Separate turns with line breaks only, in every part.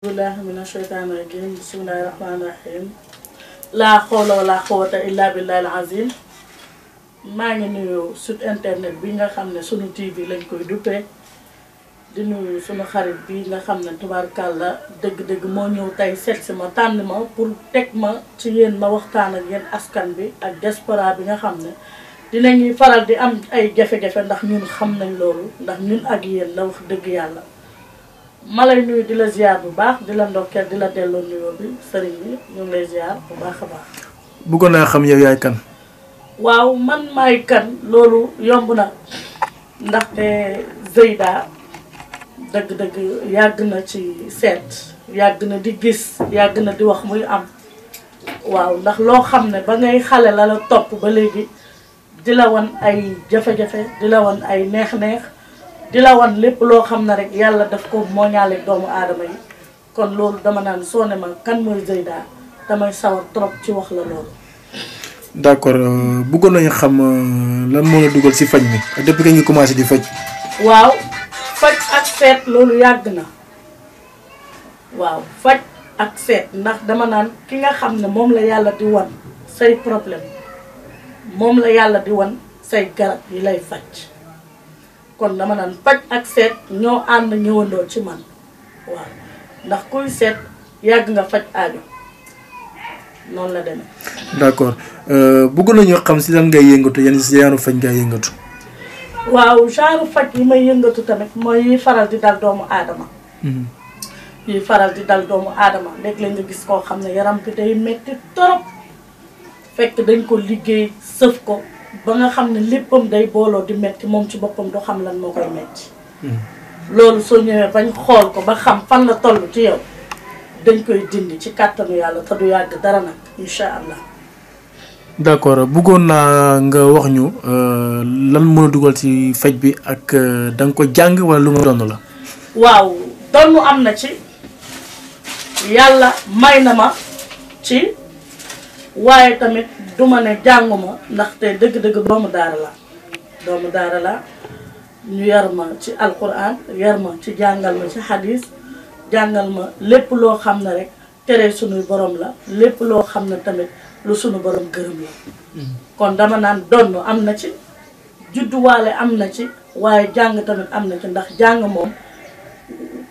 billahi mina sheytaani rajim bismillahi laa xoola wala xowata illa billahi maa ngi nuyu site internet bi nga xam ne sunu TV lañ koy duppee di nuyu sunu xarit bi nga xam ne tubaarkàlla dëgg-dëgg moo ñëw tey seet si ma tànn ma pour teg ma ci yéen ma waxtaan ak yéen askan bi ak diaspora bi nga xam ne dinañuy faral di am ay jafe-jafe ndax ñun xam nañ loolu ndax ñun ak yéen la wax dëgg yàlla ma lay nuyu di la ziar bu baax di la ndokkeel di la delloo nuyoo bi sëriñ bi ñu lay ziar bu baax a baax.
bëggoon naa xam yow yaay kan.
waaw man maay kan loolu yomb na ndaxte Zeyda dëgg-dëgg yàgg na ci seet yàgg na di gis yàgg na di wax muy am waaw ndax loo xam ne ba ngay xale la la topp ba léegi di la wan ay jafe-jafe di la wan ay neex-neex. di la wan lépp loo xam ne rek yàlla daf ko moo ñaale doomu aadama yi kon loolu dama naan soo ne ma kan mooy Zeyda damay sawar trop ci wax la loolu.
d' accord euh, bëggoon nañu xam euh, lan moo la dugal si faj mi depuis que nga commencé di faj.
waaw faj ak seet loolu yàgg na waaw faj ak seet ndax dama naan ki nga xam ne moom la yàlla di wan say problème moom la yàlla di wan say garab yi lay faj. kon dama naan faj ak seet ñoo ànd ñëwandoo ci man waaw ndax kuy seet yàgg nga faj aajo noonu la demee.
d'accord euh, bëgg nañoo xam si lan ngay yëngatu yan si yaaru faj ngay yëngatu.
waaw genre yi may yëngatu tamit mooy yiy faral di dal doomu aadama. Mhm. yiy faral di dal doomu aadama léeg lañ nga gis koo xam ne yaram bi day metti torop fekk dañ ko liggéey sëf ko. ba nga xam ne léppam day booloo di metti moom ci boppam du xam lan moo koy ah. metti hmm. loolu soo ñëwee bañ xool ko ba xam fan la toll ci yow dañ koy dindi ci kàttanu yàlla te du yàgg dara nag incha allah.
d' accord bëggoon naa nga wax ñu euh, lan mën a dugal ci faj bi ak euh, da nga ko jàng wala lu ma donn la.
waaw donn am na ci yàlla may na ma ci. waaye tamit du ma ne jànguma ndaxte dëgg-dëgg doomu daara la doomu daara la ñu yar ma ci alquran yar ma ci jàngal ma ci xadis jàngal ma lépp loo xam ne rek tere suñuy boroom la lépp loo xam ne tamit lu suñu borom gërëm la hmm. kon dama naan donn am na ci judduwaale am na ci waaye jàng tamit am na ci ndax jàng moom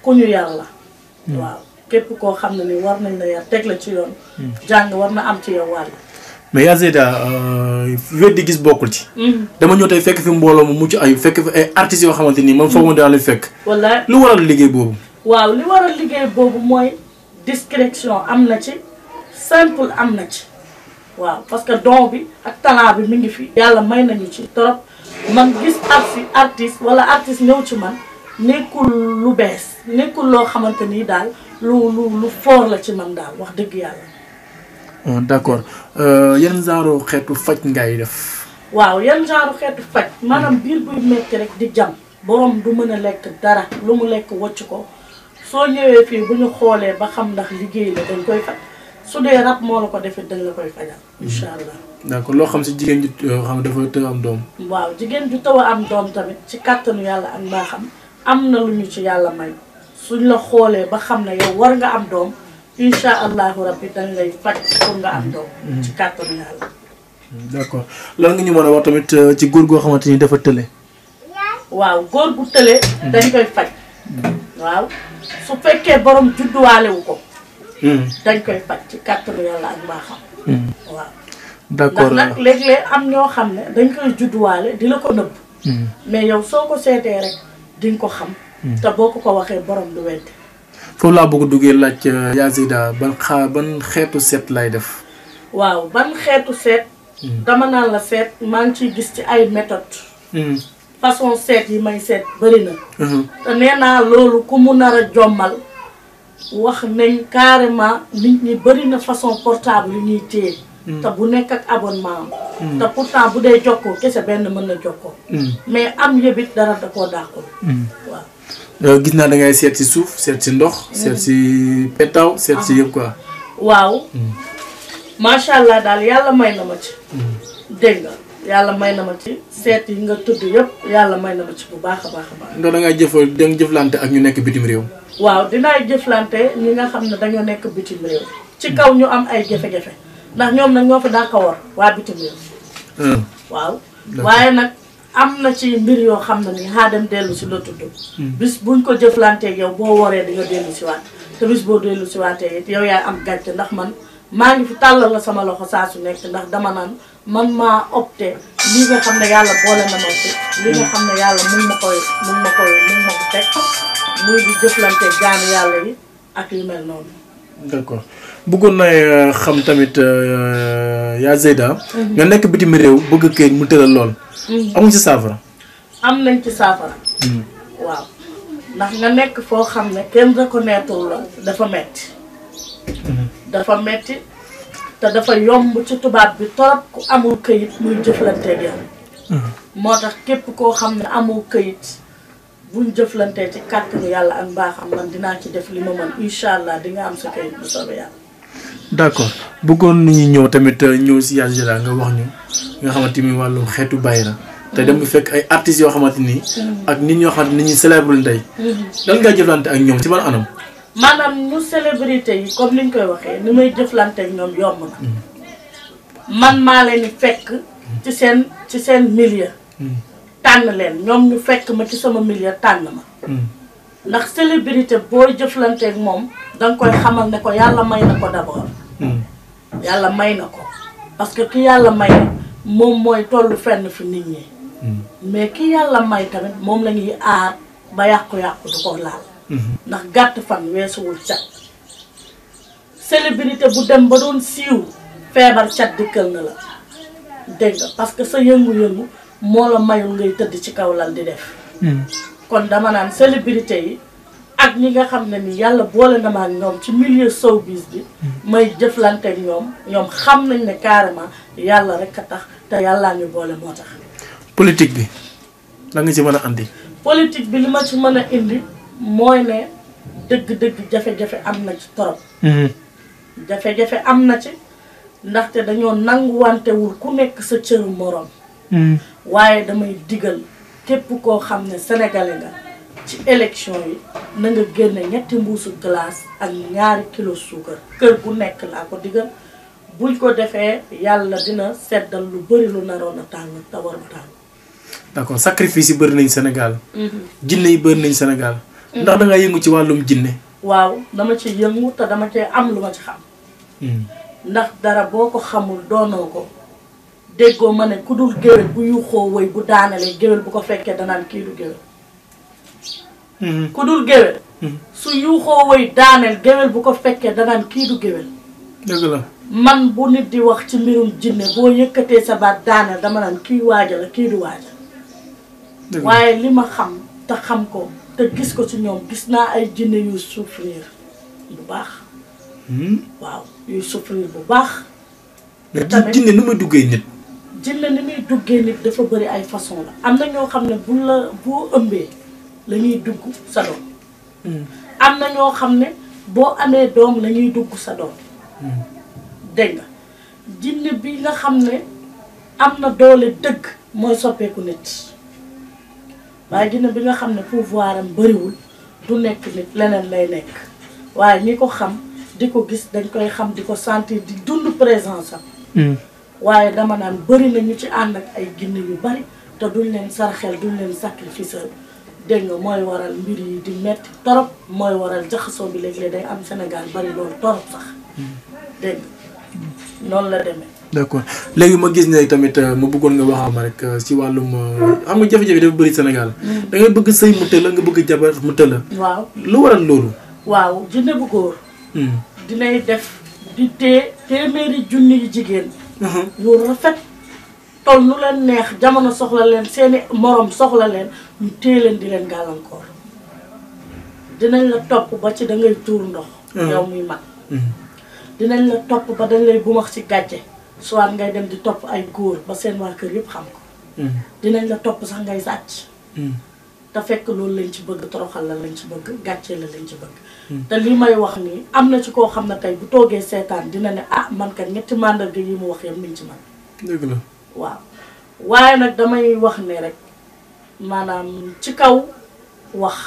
ku ñu yar la hmm. waaw képp koo xam ne ni war nañ la yar teg la ci yoon. Hmm. jàng war na am ci yow wàll.
mais yaa Zeyda euh, gis bokkul ci. Hmm. dama ñëw tey mbooloo mu mucc ayib fekk fi yoo xamante ni man foog ma hmm. daal di fekk. lu waral liggéey boobu.
waaw li waral liggéey boobu mooy discrétion am na ci simple am na ci waaw parce que don bi ak talent bi mi ngi fi. yàlla may nañu ci trop man gis artiste artiste wala artiste ñëw ci man. nekkul lu bees nekkul loo xamante ni daal lu lu lu fort la ci man daal wax dëgg yàlla.
Ah, d'accord euh, yan genre xeetu faj ngay def.
waaw yan genre xeetu faj maanaam hmm. biir buy metti rek di jam borom du mën a lekk dara lu mu lekk wocc ko soo ñëwee fii bu ñu xoolee ba xam ndax liggéey la dañ koy faj su dee rab moo la ko defee dañ la koy fajal. Hmm. incha allah.
d'accord loo xam si jigéen ji xam dafa tëw am doom.
waaw jigéen ju taw am doom tamit ci kàttanu yàlla ak mbaaxam. am na lu ñu ci yàlla may suñ la xoolee ba xam ne yow war nga am doom incha allahu rabbi dañ lay faj pour nga am mm-hmm. doom. Mm-hmm. ci kàttanu yàlla.
d'accord lan nga ñu mën a wax tamit euh, ci góor goo xamante ni dafa tële.
waaw góor bu tële. Mm-hmm. dañ koy faj. waaw su fekkee borom judduwaale wu ko. dañ koy faj ci kàttanu yàlla ak baaxam. waaw. d'accord ndax nag am ñoo xam ne dañ koy judduwaale di la ko nëbb. mais yow soo ko seetee rek. di ko xam. Hmm. te boo ko ko waxee borom du wedd.
foofu laa bëgg duggee laaj euh, Yazida ban xaa ban xeetu seet lay def.
waaw ban xeetu seet. Hmm. dama naan la seet maa ngi ciy gis ci ay méthode hmm. façon seet yi may seet bëri na. te nee naa loolu ku mu nar a jommal wax nañ carrément nit ñi bëri na façon portable yi ñuy téye. Mm. te bu nekk ak abonnement am. Mm. te pourtant bu dee jokkoo kese benn mën na jokkoo. Mm. mais am yëpp dara da koo dàqul. waaw.
Euh, gis naa da ngay seet si suuf seet si ndox. seet si pétaw seet si ah. yëpp quoi.
waaw. macha allah daal yàlla may na ma ci. dégg yàlla may na ma ci seet yi nga tudd yëpp yàlla may na ma ci bu baax a baax a baax.
ndax da ngaa jëfoo da nga jëflante ak ñu nekk bitim réew.
waaw dinaa jëflante ñi nga xam ne dañoo nekk bitim réew. ci kaw ñu am ay jafe-jafe. ndax ñoom nag ñoo fi dàq war waa bitim réew. Hmm. waaw waaye nag am na ci mbir yoo xam ne ni xaa dem dellu si la tudd. Hmm. bis buñ ko jëflanteeg yow boo waree di dellu si waat te bis boo dellu si waatee it yow yaay am gàncax ndax man maa ngi fi tàllal la sama loxo saa su nekk ndax dama naan man maa opté li nga xam ne yàlla boole na ma ci. li nga xam ne yàlla mun ma koy mun ma koy mun ma ko teg muy di jëflanteeg gaanu yàlla yi ak yu mel noonu.
buggoon naa euh, xam tamit euh, yaa Zeyda. Mhm. nga nekk bitim réew bëgg këyit mu tëral lool. Mhm. amuñ ci saafara.
am nañ ci saafara. Mhm. waaw ndax nga nekk foo xam ne kenn reconnaître la dafa metti dafa metti te dafa yomb ci tubaab bi torop ku amul këyit muy jëflanteeg yow. moo tax képp koo xam ne amul këyit buñ jëflantee ci kàttanu yàlla ak mbaaxam lan dinaa ci def li ma mën incha allah di nga am si këyit bu soobee yàlla.
d' accord bëggoon nañu ñëw tamit euh, ñëw si Yaye Jula nga wax ñu nga xamante ni wàllum xeetu na te dem bu fekk ay artistes yoo xamante ni. ak nit ñoo xamante ni ñuy célèbre ndey. Mhm. lan ngay jëflante ak ñoom ci ban anam.
maanaam ñu célébrité yi comme ni ñu koy waxee ni may jëflante ak ñoom
mhm.
maa leen fekk. Mhm. ci seen ci seen milieu. tànn leen ñoom ñu fekk ma ci sama milieu tànn ma. ndax célébrité boo jëflanteeg moom danga koy xamal ne ko yàlla may na ko d' yàlla may na ko parce que ki yàlla may na moom mooy tollu fenn fi nit ñi. Mm-hmm. mais ki yàlla may tamit moom la ñuy aar ba yàqu-yàqu du ko laal. Mm-hmm. ndax gàtt fan weesuwul cat. célébrité bu dem ba doon siiw feebar cat kël na la dégg nga parce que sa yëngu-yëngu moo la mayul ngay tëdd ci kaw lan di def. Mm-hmm. kon dama naan célébrité yi. ak ñi nga xam ne ni yàlla boole na ma ak ñoom ci milieu showbiz bi mm-hmm. may jëflante ak ñoom ñoom xam nañ ne carrément yàlla rek a tax te yàlla ñu boole moo tax.
politique bi na nga ci mën a andi.
politique bi li ma ci mën a indi mooy ne dëgg-dëgg jafe-jafe am na ci torop mm-hmm. jafe-jafe am na ci ndaxte dañoo nanguwantewul ku nekk sa cëru moroom. Mm-hmm. waaye damay digal képp koo xam ne sénégalais nga. ci élection yi nanga génne ñetti mbuusu glace ak ñaari kilo suukar kër gu nekk laa ko digal buñ ko defee yàlla dina seddal lu bëri lu naroon a tàng te war a tàng.
d'accord sacrifice yi bëri nañ Sénégal. Mhm. jinne yi bëri nañ Sénégal. Mhm. ndax da nga yëngu ci wàllum jinne.
waaw dama ci yëngu te dama cee am lu ma ci xam. Mhm. ndax dara boo ko xamul doonoo ko déggoo ma ne ku dul géwél bu yuuxoo woy bu daanalee géwél bu ko fekkee danaa kii du géwél.
Mm-hmm. ku dul géwél
mm-hmm. su yuuxoo woy daaneel géwél bu ko fekkee danaan kii du géwél man bu nit di wax ci mbirum jinne boo yëkkatee sa baat daaneel dama naan kii waaja la kii du waaja waaye li ma xam te xam ko te gis ko ci ñoom gis naa ay jinne yu souffrir bu baax mm-hmm. waaw yuy souffrir bu baax
tamit jinne nu muy duggee nit
jinne ni muy duggee nit dafa bëri ay façon la am na ñoo xam ne bu la boo ëmbee lañuy dugg sa doom hmm. am na ñoo xam ne boo amee doom lañuy dugg sa doom hmm. dégg nga jinne bi nga xam ne am na doole dëgg mooy soppeeku nit waaye jinne bi nga xam ne pouvoir am bëriwul du nekk nit leneen lay nekk waaye ñi ko xam di ko gis dañ koy xam di ko sentir di dund présence am hmm. waaye dama naan bëri na ñu ci ànd ak ay jinne yu bari te duñ leen sarxel duñ leen sacrifice dégg nga mooy waral mbir yi di metti torop mooy waral jaxasoo bi léeg day am Sénégal bari loolu torop sax dégg nga noonu la demee.
d'accord léegi ma gis ne tamit euh, ma bëggoon nga wax ma rek euh, ci wàllum euh, xam nga jafe-jafe dafa bëri Sénégal. Mm. da bëgg sëy mu tëla nga bëgg jabar mu tëla.
waaw lu waral loolu. waaw jinne bu mm. dinay def di téye téeméeri junni yu jigéen. Uh-huh. yu rafet. toll lu leen neex jamono soxla leen seeni morom soxla leen ñu téye leen di leen gàllankoor dinañ la topp ba ci da tuur ndox. Ah. muy mag. Mm-hmm. dinañ la topp ba dañ lay bumax ci gàcce soit ngay dem di topp ay góor ba seen waa kër yëpp xam ko. Mm-hmm. dinañ la topp sax ngay sàcc. Mm-hmm. te fekk loolu lañ ci bëgg toroxal la lañ ci bëgg gàcce la lañ ci bëgg. te li may wax nii am na ci koo xam ne tey bu toogee seetaan dina ne ah man kat ñetti mandarga yi mu wax yam niñ ci man dëgg la. waaw waaye nag damay wax ne rek maanaam ci kaw wax.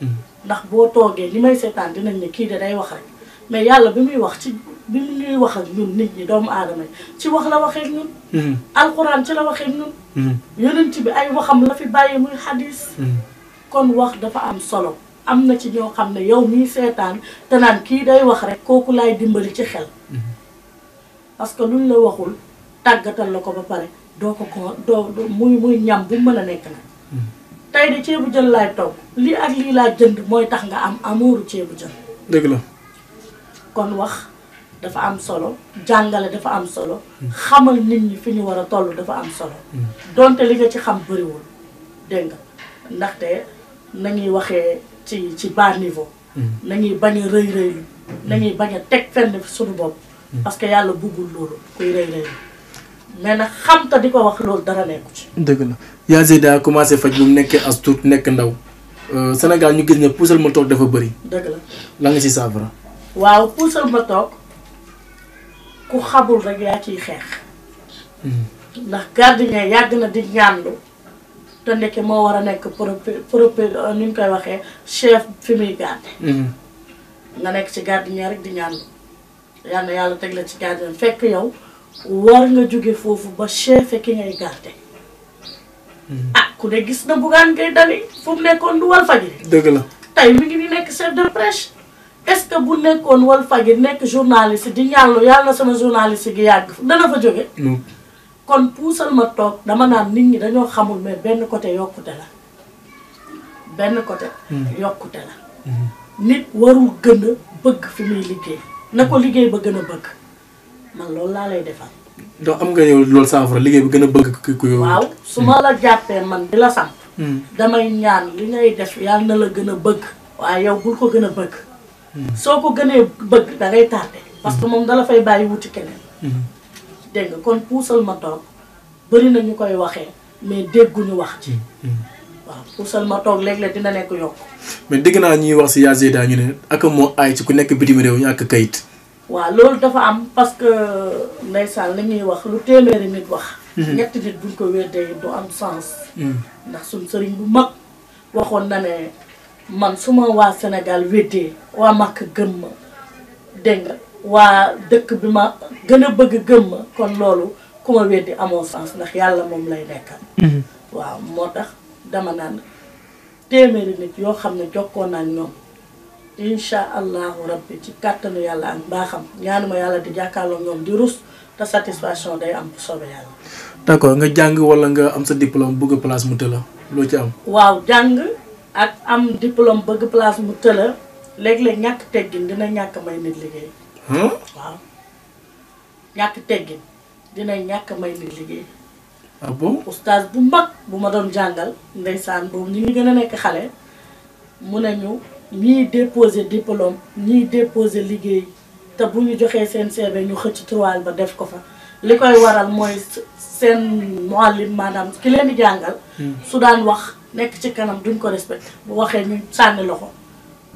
Hmm. ndax boo toogee li may seetaan dinañ ne kii de day wax rek mais yàlla bi muy wax ci bi muy wax ak ñun nit ñi doomu aadama yi ci wax la waxee ñun. Hmm. alxuraan ci la waxee hmm. yeneen ci bi ay waxam la fi bàyyi muy xadis. kon wax dafa am solo. am na ci ñoo xam ne yow miy seetaan te naan kii day wax rek kooku laay dimbali ci xel. parce que luñ la waxul. tàggatal la ko ba pare doo ko ko doo muy muy ñam bu mën a nekk nag hmm. tey de ceebu jën laay togg lii ak lii laa jënd mooy tax nga am amooru ceebu jën dëgg la kon wax dafa am solo jàngale dafa am solo hmm. xamal nit ñi fi ñu war a toll dafa am solo hmm. donte li nga ci xam bëriwul dégg nga ndaxte nañuy waxee ci ci bas niveau nañuy bañ a rëy nañuy bañ teg fenn suñu bopp parce que yàlla buggul loolu kuy rëy rëylu mais nag xam te di ko wax loolu dara nekku ci.
dëgg la yaa Zeyda commencé faj bu mu nekkee as nekk ndaw euh, Sénégal ñu gis ne puusal ma toog dafa bëri. dëgg la la nga ci saafara.
waaw puusal ma toog ku xamul rek yaa ciy xeex. Hmm. ndax gardien yàgg na di ñaandu te ndekke moo war a nekk propre propre euh, ni koy waxee chef fi muy garde hmm. nga nekk ci gardien rek di ñaandu yal na yàlla teg la ci gardien fekk yow. war nga jóge foofu ba chef ki ngay garde hmm. ah ku ne gis na Bougane Gueye Dany fu mu nekkoon du
Walfadjri dëgg la
tey mi ngi ni nekk chef de presse est-ce que bu nekkoon Walfadjri nekk journaliste di ñàllu yàlla sama journaliste gi yàgg dana fa jóge kon puusal ma toog dama naan nit ñi dañoo xamul mais benn côté yokkute la benn côté hmm. yokkute la hmm. nit warul gën a bëgg fi muy liggéey na ko liggéey ba gën a bëgg man loolu laa lay defal.
donc am nga yow loolu saafara liggéey bi gën a bëgg ku ku yow. waaw su ma
la jàppee man di la sant. Hmm. damay ñaan li ngay def yàlla na la gën a bëgg. waaye yow bul ko gën a bëgg. Hmm. soo ko gënee bëgg da ngay tardé. parce que hmm. moom dala fay bàyyi wuti keneen. dégg kon puusal ma toog bëri na ñu koy waxee mais dégguñu wax ci. waaw puusal ma toog léeg-léeg dina nekk yokk.
mais dégg naa ñuy wax si Yazida ñu ne ak moo aay ci ku nekk bitim réew ñu kayit.
waaw loolu dafa am parce que ndeysaan li ñuy wax lu téeméeri nit wax. Mhm. ñetti nit buñ ko wéddee du am sens. Mhm. ndax suñ sëriñ bu mag waxoon na ne man su ma waa Sénégal wéddee waa Màkk gëm ma dégg nga waa dëkk bi ma gën a bëgg gëm kon loolu ku ma weddi amoo sens ndax yàlla moom lay nekkal. Mhm. waaw moo tax dama naan téeméeri nit yoo xam ne jokkoon naa ñoom. incha allahu rabbi ci kàttanu yàlla ak mbaaxam ñaanuma yàlla di jàkkaarloo ñoom di rus te satisfaction day am soobee yàlla.
d'accord nga jàng wala nga am sa diplôme bëgg place mu tëla loo ci am.
waaw jàng ak am diplôme ñàkk teggin dina ñàkk may nit liggéey.
Hmm? waaw
ñàkk teggin dina ñàkk may nit liggéey. ah bon oustaz bu mag bu ma doon jàngal ndeysaan boobu ñu ngi gën a nekk xale mun nañu. ñii déposé diplôme ñii déposé liggéey te bu ñu joxee seen CV ñu xëcc tiroir ba def ko fa li koy waral mooy seen muallim maanaam ki leen di jàngal. Hmm. su daan wax nekk ci kanam duñ ko respect bu waxee ñu sànni loxo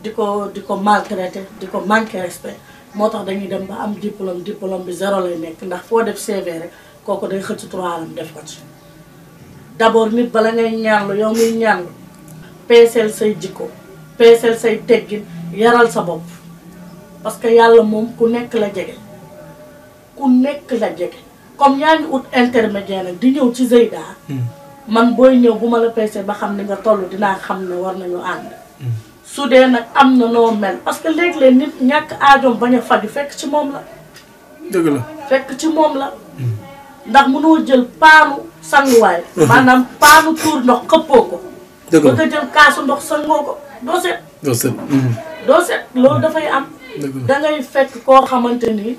di ko di ko maltraité di ko manqué respect moo tax dañuy dem ba am diplôme diplôme bi zéro lay nekk ndax foo def CV kooku day xëcc tiroiram def ko ci. d'abord nit bala ngay ñaanlu yow muy ñaanlu peeseel say jikko. peeseel say teggin yaral sa bopp parce que yàlla moom ku nekk la jege ku nekk la jege comme yaa ngi ut intermédiaire nag di ñëw ci Zeyda hmm. man booy ñëw bu ma la peesee ba xam ni nga toll dinaa xam ne war nañu ànd hmm. su dee nag am na noo mel parce que léeg-léeg nit ñàkk aajoom bañ a faju fekk ci moom la dëgg la fekk ci moom la hmm. ndax mënoo jël paanu sanguwaay maanaam paanu tuur ndox xëppoo ko ba nga jël kaasu ndox sangoo ko doo set.
doo set. Mhm.
doo set loolu mhm. dafay am. da ngay fekk koo xamante ni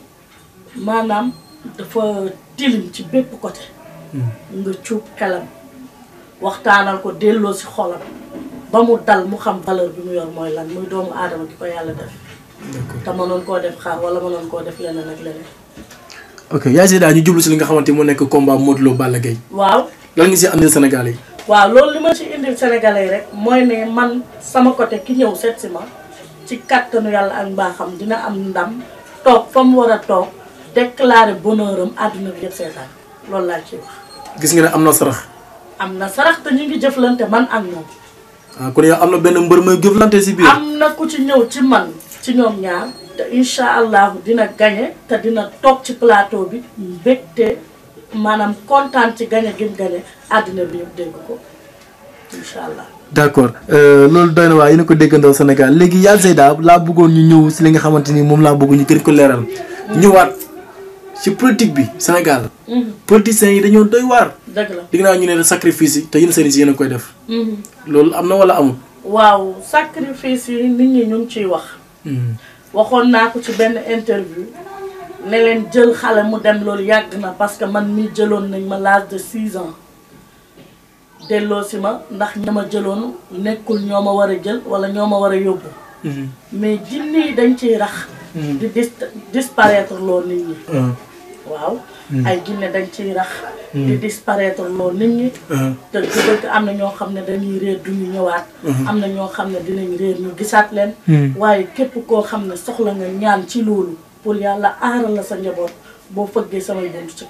maanaam dafa tilim ci bépp côté. Mhm. nga cuub xelam. waxtaanal ko delloo si xolam ba mu dal mu xam valeur bi mu yor mooy lan muy doomu aadama di ko yàlla def. te mënoon koo def xaar wala mënoon koo def leneen ak leneen.
ok Yaye Zeyda ñu jublu si li nga xamante moo nekk combat Modou Lo Balla Gaye. waaw lan ngi si am ne Sénégal yi.
waaw loolu li ma ci indil sénégalais yi rek mooy ne man sama côté ki ñëw seet ma ci kattanu yàlla ak mbaaxam dina am ndam toog fa mu war a toog déclaré bonheur àdduna bi yëpp seetaan loolu laa ci
gis nga ne am na sarax.
am na sarax te ñu ngi jëflante man ak ñoom.
ah kon yow am na benn mbër mooy jëflante si biir. am
na ku ci ñëw ci man ci ñoom ñaar te incha allahu dina gañe te dina toog ci plateau bi mbégte. maanaam kontaan ci gañe gim gañe àddina bi yëpp dégg ko incha allah.
d' accord euh, loolu doy na waa yéen ko déggandoo Sénégal léegi yaa Zeyda laa bëggoon ñu ñëw si li nga xamante ni moom laa bëgg ñu gën ko leeral. ñëwaat ci politique bi Sénégal. Mhm. politiciens yi dañoo doy waar. dëgg naa ñu ne sacrifice yi te yéen seen si yéen a koy def. Mhm. loolu am na wala amul.
waaw sacrifice yi nit ñi ñu ciy wax. Mhm. waxoon naa ko ci benn interview. ne leen jël xale mu dem loolu yàgg na parce que man mi jëloon nañ ma l'âge de six ans delloo si ma ndax ña ma jëloon nekkul ñoo ma war a jël wala ñoo ma war a yóbbu mhm. mais jinne yi dañ ciy rax mhm. di dis disparaître loo nit ñi mhm. waaw ay jinne dañ ciy rax di disparaître loo te am na ñoo xam ne dañuy réer duñu ñëwaat am na ñoo xam ne dinañ réer ñu gisaat leen waaye képp koo xam ne soxla nga ñaan ci loolu pour yàlla aaral la sa njaboot boo fëggee samay bunt ci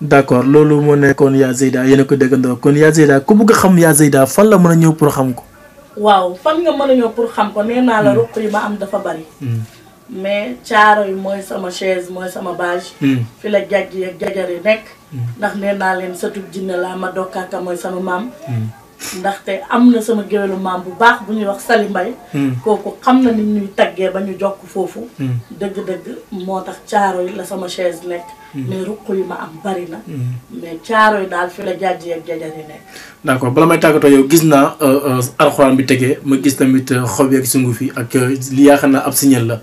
d' accord loolu moo nekkoon Ya Zeyda yéen a ko déggandoo kon Ya Zeyda ku bëgg a xam Ya Zeyda fan la mën a ñëw pour xam ko.
waaw fan nga mën a ñëw pour xam ko nee naa la hmm. ruq yi ma am dafa bari. Hmm. mais caaro yi mooy sama chaise mooy sama bâche. Hmm. fi la jaj yi ak nekk. ndax nee naa leen sëtu jinne laa ma dokkaaka mooy sama maam. ndaxte am na sama géwélu maam bu baax bu ñuy wax Sali Mbay hmm. kooku xam na ni ñuy taggee ba ñu jokk foofu hmm. dëgg-dëgg moo tax caaro yi la sama chaise nekk hmm. mais ruq yi ma am bari na mais caaro yi daal fi la jajji ak jajar yi nekk
d'accord bala may tàggatoo yow gis naa euh, euh, alxuraan bi tegee ma gis tamit euh, xob yi ak sunguf yi ak li xam naa ab signal la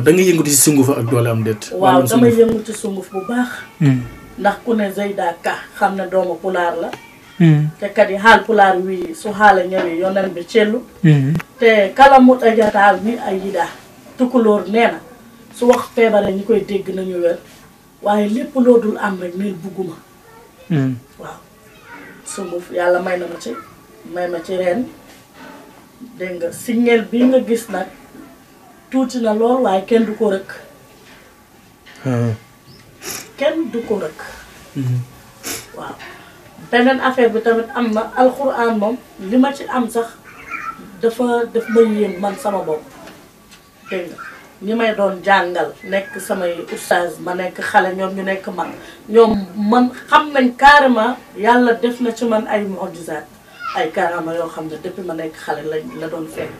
da nga yëngutu ci sunguf ak doole am déet waaw damay
yëngu sunguf bu baax ndax ku ne Zeyda Ka xam ne doomu pulaar Mm. te yi haalpulaar wi so haala ñawi yo bi cellu mm. te kala moɗɗo jataa ni a yiɗa tukuloor neena so wax feebare ñi koy dégg nañu wer waaye lépp loo am rek neen bugguma mm. waaw sunguf yàlla may na ma ci may ma ci ren dégg nga signel bi nga gis nag tuuti na lool waaye kenn du ko rëkk ah. kenn du ko rëkk mm-hmm. waaw beneen affaire bi tamit am na alxuraan moom li ma ci am sax dafa def ma yéen man sama bopp dégg ñi may doon jàngal nekk samay oustaz ma nekk xale ñoom ñu nekk man ñoom man xam nañ carrément yàlla def na ci man ay mujizaat ay karama yoo xam ne depuis ma nekk xale lañ la doon fekk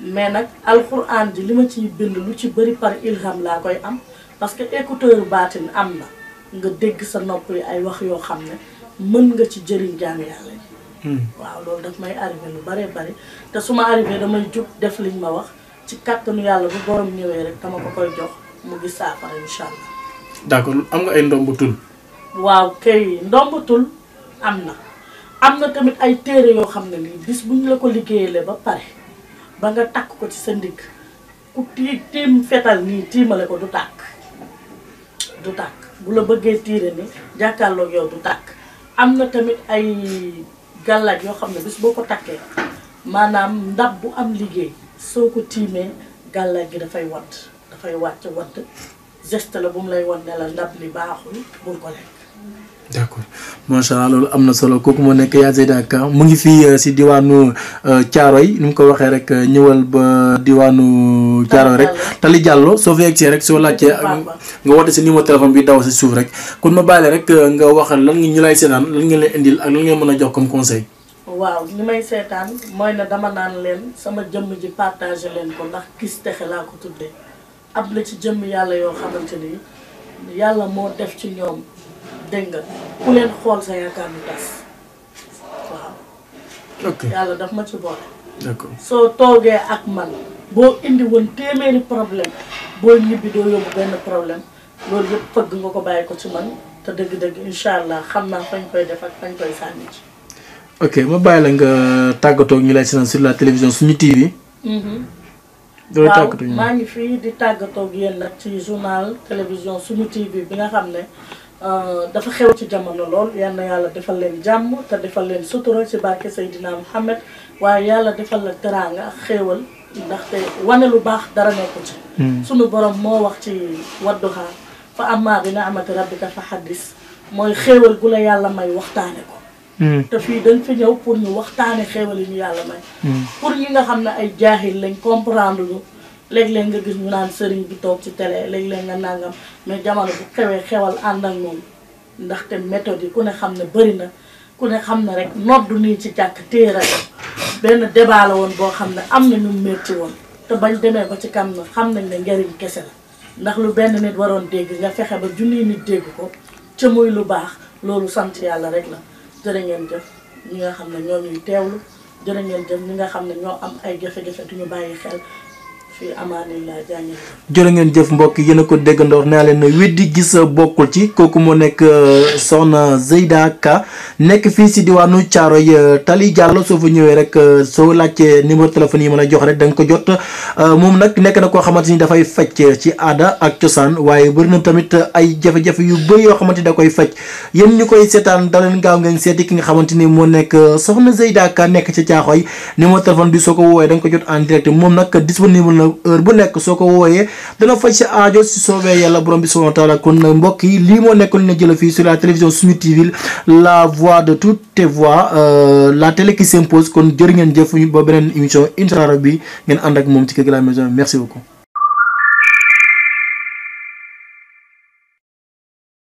mais nag alquran ji li ma ciy bind lu ci bëri par ilham laa koy am parce que écouteur baatin am na nga dégg sa nopp yi ay wax yoo xam ne mën nga ci jëriñ jaam yàlla yi hmm. waaw loolu daf may arrivé lu bare bari te su ma arrivé damay jub def liñ ma wax ci kàttanu yàlla bu borom ñëwee rek dama ko koy jox mu gis saafara incha allah.
d'accord am nga ay ndomb tul
waaw kay ndomb am na am na tamit ay téere yoo xam ne lii bis bu ñu la ko liggéeyale ba pare ba nga takk ko ci sa ndigg ku tii tiim fetal nii tiimale ko du tàkk du tàkk bu la bëggee tiire ni jàkkaarloog yow du tàkk am na tamit ay gàllaaj yoo xam ne bis boo ko takkee maanaam ndab bu am liggéey soo ko tiimee gàllaaj gi dafay wadd dafay wàcc wadd geste la bu mu lay won ne la ndab li baaxul bul ko lekk
d' accord macha allah loolu am na solo kooku moo nekk Ya de Ka mu ngi fi euh, si diwaanu euh, Thiaroye ni mu ko waxee rek euh, ñëwal ba diwaanu Thiaroye rek Tali Diallo soo fi yegsee rek soo laajtee nga woote si numéro téléphone bi daw si suuf rek kon ma bàyyi rek nga wax lan nga ñu lay seetaan lan nga leen indil ak lan nga mën a jox comme conseil.
waaw li may seetaan mooy na dama naan leen sama jëmm ji partagé leen ko ndax gis texe laa ko tuddee ab la ci jëmm yàlla yoo xamante ni yàlla moo def ci ñoom. dégg nga ku leen xool sa yaakaar mu tas waaw. yàlla daf ma ci boole. soo toogee ak man boo indi woon téeméeri problème boo ñibbi doo yóbbu benn problème loolu yëpp fëgg nga ko bàyyi ko ci man te dëgg-dëgg incha allah xam naa fañ koy def ak fañ koy sànni ci.
ok bàyyi la nga tàggatoo ñu lay si sur la télévision suñu TV. Mhm. loolu tàggatoo maa
ngi fii di tàggatoo ak nag ci journal télévision suñu TV bi nga xam ne. Euh, dafa xew ci jamono lool yal na yàlla defal leen jàmm te defal leen sutura ci barke Seydina Muhammad waaye yàlla defal la nga ak xéewal ndaxte wane lu baax dara nekku ci hmm. sunu borom moo wax ci wadduha fa amma bi ni'mati rabbika fa haddis mooy xéewal gu la yàlla may waxtaane ko hmm. te fii dañ fi ñëw pour ñu waxtaane xéewal yi ñu yàlla may hmm. pour ñi nga xam ne ay jaahil lañ comprendre lu léeg-léeg nga gis ñu naan sëriñ bi toog ci tele léeg-léeg nga nangam mais jamono bu xewee xewal ànd ak moom ndaxte méthode yi ku ne xam ne bëri na ku ne xam ne rek noddu nii ci jàkk téera benn débat woon boo xam ne am na ñu métti woon te bañ demee ko ci kam na xam nañ ne njariñ kese la ndax lu benn nit waroon dégg nga fexe ba junniy nit dégg ko ca muy lu baax loolu sant yàlla rek la jërë ngeen jëf ñi nga xam ne ñoo ñuy teewlu jërë ngeen jëf ñi nga xam ne ñoo am ay jafe-jafe ñu bàyyi xel fii amaanillah
jaajëf. jërë ngeen jëf mbokk yéen a ko déggandoor naa leen weddi gis bokkul ci kooku moo nekk euh, soxna Zeyda Ka nekk fii si diwaanu Thiaroye euh, Tali Diallo soo fa ñëwee rek euh, soo laajtee numéro téléphone yi mën a jox rek da nga ko jot moom nag nekk na koo xamante ni dafay faj ci aada ak cosaan waaye bëri na tamit ay jafe-jafe yu bëri yoo xamante ni da koy faj yéen ñu koy seetaan da leen gaaw ngeen ki nga xamante ni moo nekk soxna Zeyda Ka nekk ca Thiaroye numéro téléphone bi soo ko woowee da ko jot en direct moom nag disponible na heure bu nekk soo ko wooyee dana faj sa aajo si soobee yàlla borom bi subhanahu wa kon nag mbokk yi lii moo nekkoon na jëla fii sur la télévision Sunu TV la voix de toutes tes voix euh, la télé qui s'impose kon jërë ngeen jëf ba beneen émission incha allah bi ngeen ànd ak moom ci Kër gi la maison merci beaucoup.